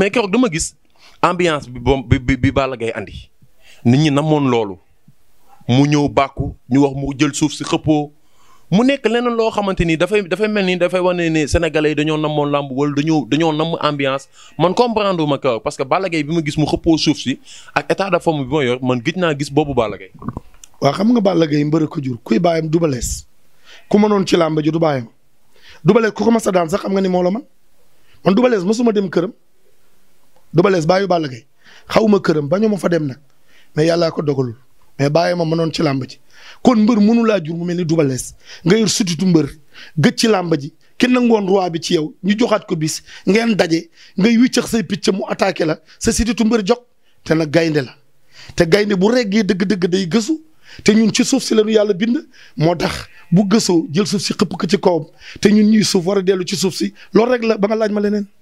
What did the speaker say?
mais keroog dama gis ambiance bi bom bi bi Balla Gaye nit ñi namoon loolu mu ñëw bàkku ñu wax mu jël suuf si xëppoo mu nekk leneen loo xamante ni dafay dafay mel ni dafay wane ne sénégalais yi dañoo namoon làmb wala dañoo dañoo namm ambiance man comprendre ma keroog parce que Balla bi ma gis mu xëppoo suuf si ak état de bi ma yor man gëj naa gis boobu Balla waa xam nga Balla Gaye mbër ko jur kuy bàyyam Double Less ku mënoon ci làmb ji du bàyyam Double ko mas a daan sax xam nga ni moo la man man Double Less mësuma dem këram. Double Less bàyyi Balla Gaye xawuma ma këram bañu ma fa dem nag mais yàllaa ko dogalul mais bàyyi ma mënoon ci làmb ji kon mbër mënulaa laa jur mu mel ni Double nga yor sutitu mbër ci làmb ji ki nangoon roi bi ci yow ñu joxaat ko bis ngeen daje ngay wiccax say picc mu attaqué la sa sutitu mbër jog te gaynde la te gaynde bu reggee dëgg day gësu te ñun ci suuf si lañu yàlla bind moo tax bu gësoo jël suuf si xëpp ko ci kawam te ñun ñuy suuf war a dellu ci suuf si loolu rek la ba nga laaj ma leneen